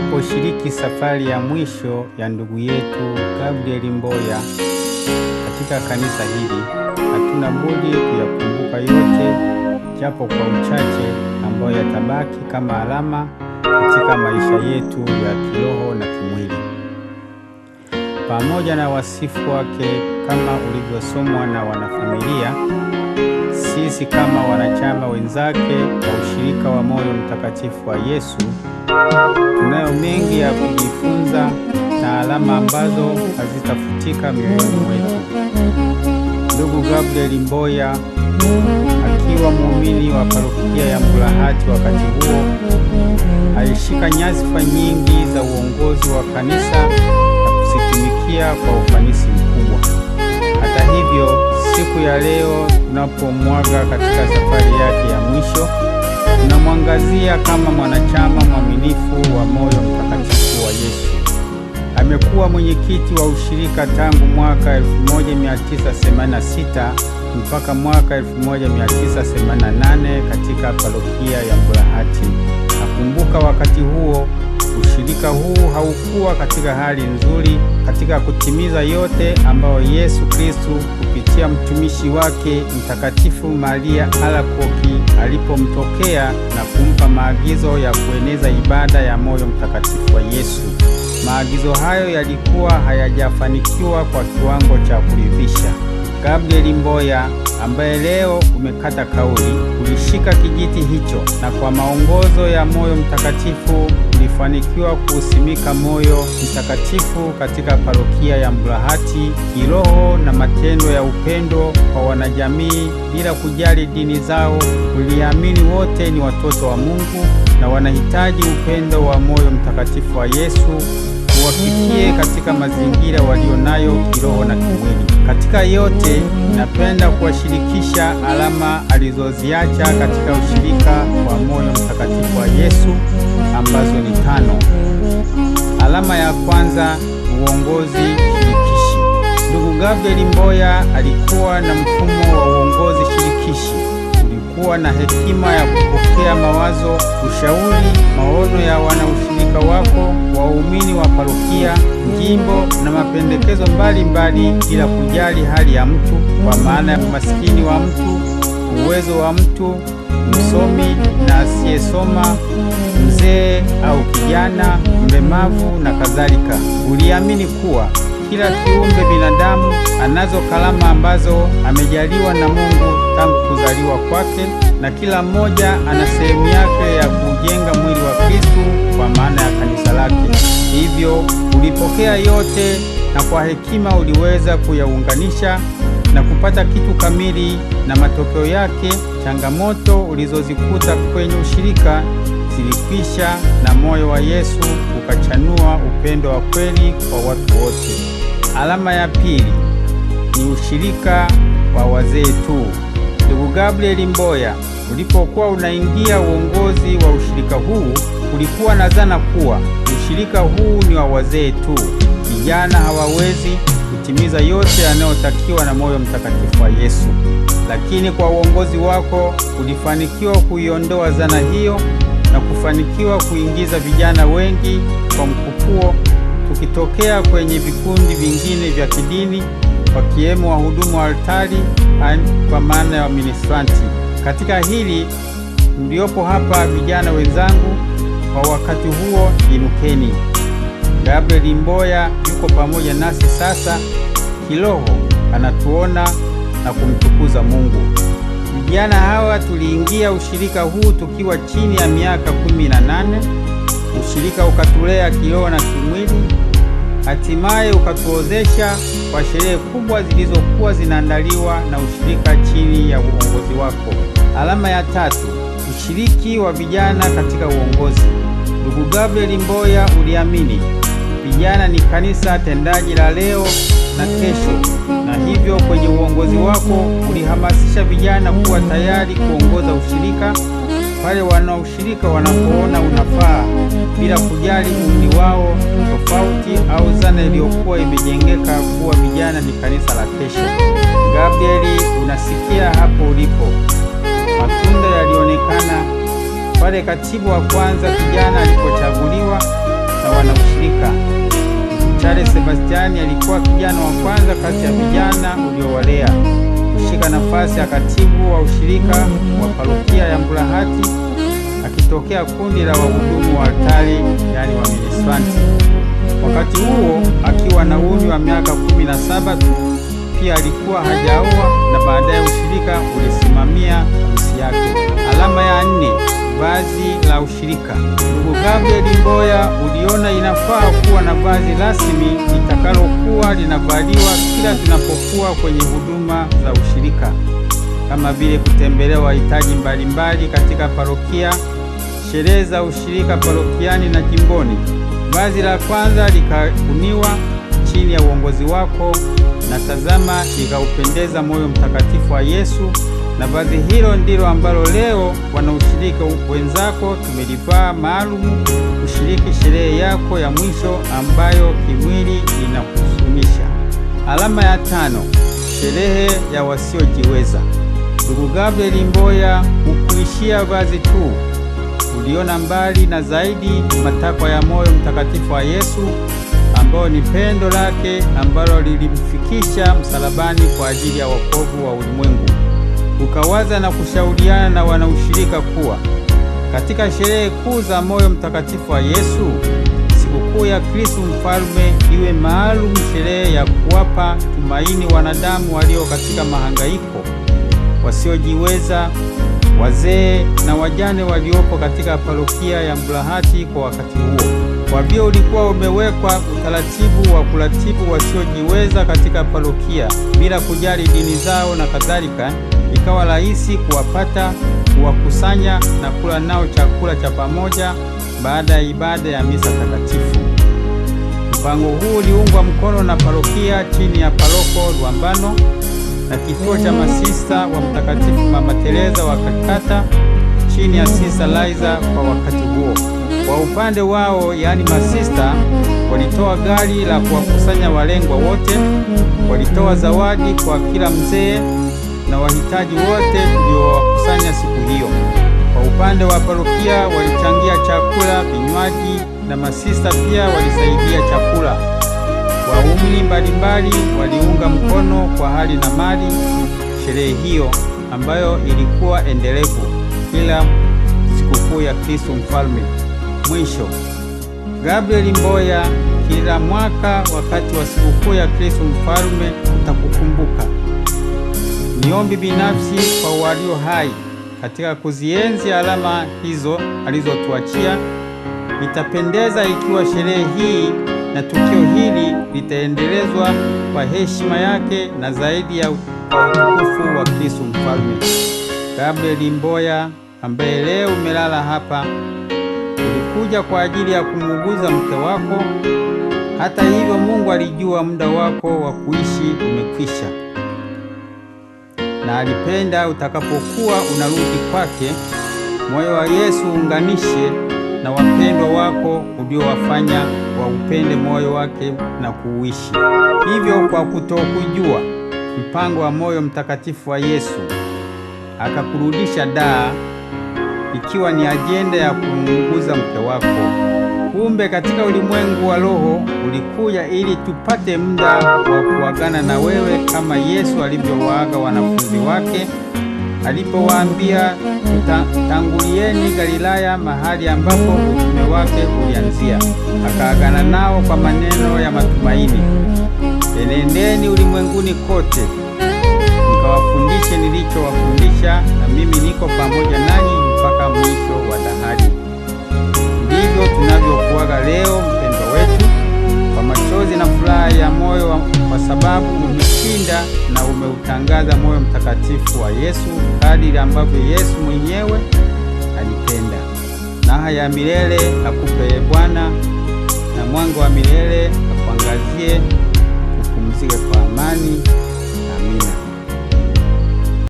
tunaposhiriki safari ya mwisho ya ndugu yetu Gabrieli Mboya katika kanisa hili, hatuna budi kuyakumbuka yote, japo kwa uchache, ambayo yatabaki kama alama katika maisha yetu ya kiroho na kimwili, pamoja na wasifu wake kama ulivyosomwa na wanafamilia. Sisi kama wanachama wenzake wa ushirika wa moyo mtakatifu wa Yesu Tunayo mengi ya kujifunza na alama ambazo hazitafutika mioyoni mwetu. Ndugu Gabriel Mboya akiwa muumini wa parokia ya Mburahati wakati huo, alishika nyadhifa nyingi za uongozi wa kanisa na kusitumikia kwa ufanisi mkubwa. Hata hivyo, siku ya leo tunapomwaga katika safari yake ya mwisho Tunamwangazia kama mwanachama mwaminifu wa Moyo Mtakatifu wa Yesu. Amekuwa mwenyekiti wa ushirika tangu mwaka 1986 mpaka mwaka 1988 katika parokia ya Mburahati. Nakumbuka wakati huo ushirika huu haukuwa katika hali nzuri katika kutimiza yote ambayo Yesu Kristu kupitia mtumishi wake Mtakatifu Maria Alakoki alipomtokea na kumpa maagizo ya kueneza ibada ya moyo mtakatifu wa Yesu. Maagizo hayo yalikuwa hayajafanikiwa kwa kiwango cha kuridhisha. Gabriel Mboya ambaye leo umekata kauli, kulishika kijiti hicho na kwa maongozo ya moyo mtakatifu ulifanikiwa kuusimika moyo mtakatifu katika parokia ya Mburahati kiroho na matendo ya upendo kwa wanajamii bila kujali dini zao. Uliamini wote ni watoto wa Mungu na wanahitaji upendo wa moyo mtakatifu wa Yesu uwafikie katika mazingira walionayo kiroho na kimwili. Katika yote, napenda kuwashirikisha alama alizoziacha katika ushirika wa moyo mtakatifu wa Yesu ambazo ni tano. Alama ya kwanza, uongozi shirikishi. Ndugu Gabriel Mboya alikuwa na mfumo wa uongozi shirikishi kuwa na hekima ya kupokea mawazo, ushauri, maono ya wanaushirika wako, waumini wa parokia, jimbo na mapendekezo mbalimbali bila kujali hali ya mtu, kwa maana ya umasikini wa mtu, uwezo wa mtu, msomi na asiyesoma, mzee au kijana, mlemavu na kadhalika. Uliamini kuwa kila kiumbe binadamu anazo kalama ambazo amejaliwa na Mungu tangu kuzaliwa kwake, na kila mmoja ana sehemu yake ya kujenga mwili wa Kristo kwa maana ya kanisa lake. Hivyo ulipokea yote na kwa hekima uliweza kuyaunganisha na kupata kitu kamili, na matokeo yake changamoto ulizozikuta kwenye ushirika zilikwisha, na moyo wa Yesu ukachanua upendo wa kweli kwa watu wote. Alama ya pili ni ushirika wa wazee tu. Ndugu Gabriel Mboya, ulipokuwa unaingia uongozi wa ushirika huu, kulikuwa na dhana kuwa ushirika huu ni wa wazee tu, vijana hawawezi kutimiza yote yanayotakiwa na moyo mtakatifu wa Yesu. Lakini kwa uongozi wako ulifanikiwa kuiondoa dhana hiyo na kufanikiwa kuingiza vijana wengi kwa mkupuo kukitokea kwenye vikundi vingine vya kidini wakiwemo wahudumu wa altari kwa maana ya waministranti. Katika hili mliopo hapa, vijana wenzangu, kwa wakati huo inukeni. Gabriel Mboya yuko pamoja nasi sasa, kiroho anatuona na kumtukuza Mungu. Vijana hawa tuliingia ushirika huu tukiwa chini ya miaka kumi na nane. Ushirika ukatulea kiroho na kimwili hatimaye ukatuozesha kwa sherehe kubwa zilizokuwa zinaandaliwa na ushirika chini ya uongozi wako. Alama ya tatu, ushiriki wa vijana katika uongozi. Ndugu Gabriel Mboya uliamini vijana ni kanisa tendaji la leo na kesho, na hivyo kwenye uongozi wako ulihamasisha vijana kuwa tayari kuongoza ushirika pale wanaoshirika wanapoona unafaa bila kujali umri wao tofauti au zana iliyokuwa imejengeka kuwa vijana ni kanisa la kesho. Gabrieli, unasikia hapo ulipo. Matunda yalionekana pale katibu wa kwanza kijana alipochaguliwa na wanaushirika. Charles Sebastiani alikuwa kijana wa kwanza kati ya vijana uliowalea kushika nafasi ya katibu wa ushirika wa parokia ya Mburahati akitokea kundi la wahudumu wa altari, yani wa ministranti. Wakati huo akiwa na umri wa miaka 17 tu. Pia alikuwa hajaoa na baadaye ushirika ulisimamia harusi yake ushirika. Ndugu Gabriel Mboya uliona inafaa kuwa na vazi rasmi litakalokuwa linavaliwa kila tunapokuwa kwenye huduma za ushirika kama vile kutembelea wahitaji mbalimbali katika parokia, sherehe za ushirika parokiani na jimboni. Vazi la kwanza likabuniwa chini ya uongozi wako, na tazama, likaupendeza moyo mtakatifu wa Yesu na vazi hilo ndilo ambalo leo wanaushirika wenzako tumelivaa maalumu kushiriki sherehe yako ya mwisho ambayo kimwili inakusumisha. Alama ya tano, sherehe ya wasiojiweza. Ndugu Gabriel Mboya, hukuishia vazi tu, uliona mbali na zaidi matakwa ya moyo mtakatifu wa Yesu ambayo ni pendo lake ambalo lilimfikisha msalabani kwa ajili ya wokovu wa ulimwengu tukawaza na kushauriana na wanaushirika kuwa katika sherehe kuu za moyo mtakatifu wa Yesu, sikukuu ya Kristu Mfalme iwe maalumu sherehe ya kuwapa tumaini wanadamu walio katika mahangaiko, wasiojiweza, wazee na wajane waliopo katika parokia ya Mburahati kwa wakati huo. Kwa vile ulikuwa umewekwa utaratibu wa kuratibu wasiojiweza katika parokia bila kujali dini zao na kadhalika ikawa rahisi kuwapata, kuwakusanya na kula nao chakula cha pamoja baada ya ibada ya misa takatifu. Mpango huu uliungwa mkono na parokia chini ya paroko Lwambano na kituo cha masista wa Mtakatifu Mama Teresa wa Kakata chini ya Sista Liza kwa wakati huo. Kwa upande wao, yaani masista walitoa gari la kuwakusanya walengwa wote, walitoa zawadi kwa kila mzee na wahitaji wote tuliowakusanya siku hiyo. Kwa upande wa parokia walichangia chakula, vinywaji na masista pia walisaidia chakula. Waumini mbalimbali waliunga mkono kwa hali na mali sherehe hiyo ambayo ilikuwa endelevu kila sikukuu ya Kristo Mfalme. Mwisho, Gabriel Mboya, kila mwaka wakati wa sikukuu ya Kristo Mfalme ni binafsi kwa walio hai katika kuzienzi alama hizo alizotuachia. Itapendeza ikiwa sherehe hii na tukio hili litaendelezwa kwa heshima yake na zaidi ya utukufu wa Kristo Mfalme. gabrieli Mboya ambaye leo umelala hapa, ulikuja kwa ajili ya kumuuguza mke wako. Hata hivyo, Mungu alijua muda wako wa kuishi umekwisha na alipenda utakapokuwa unarudi kwake, moyo wa Yesu unganishe na wapendwa wako uliowafanya waupende moyo wake na kuuishi. Hivyo kwa kutokujua mpango wa moyo mtakatifu wa Yesu akakurudisha daa ikiwa ni ajenda ya kumunguza mke wako. Kumbe katika ulimwengu wa roho ulikuja ili tupate muda wa kuagana na wewe, kama Yesu alivyowaaga wanafunzi wake alipowaambia, tangulieni Galilaya, mahali ambapo utume wake ulianzia. Akaagana nao kwa maneno ya matumaini, enendeni ulimwenguni kote mkawafundishe nilichowafundisha, na mimi niko pamoja nanyi ndivyo tunavyokuaga leo mpendo wetu, kwa machozi na furaha ya moyo, kwa sababu umeshinda na umeutangaza moyo mtakatifu wa Yesu kadiri ambavyo Yesu mwenyewe alipenda naha ya milele akupe Bwana, na mwanga wa milele akuangazie, upumzike kwa amani. Amina.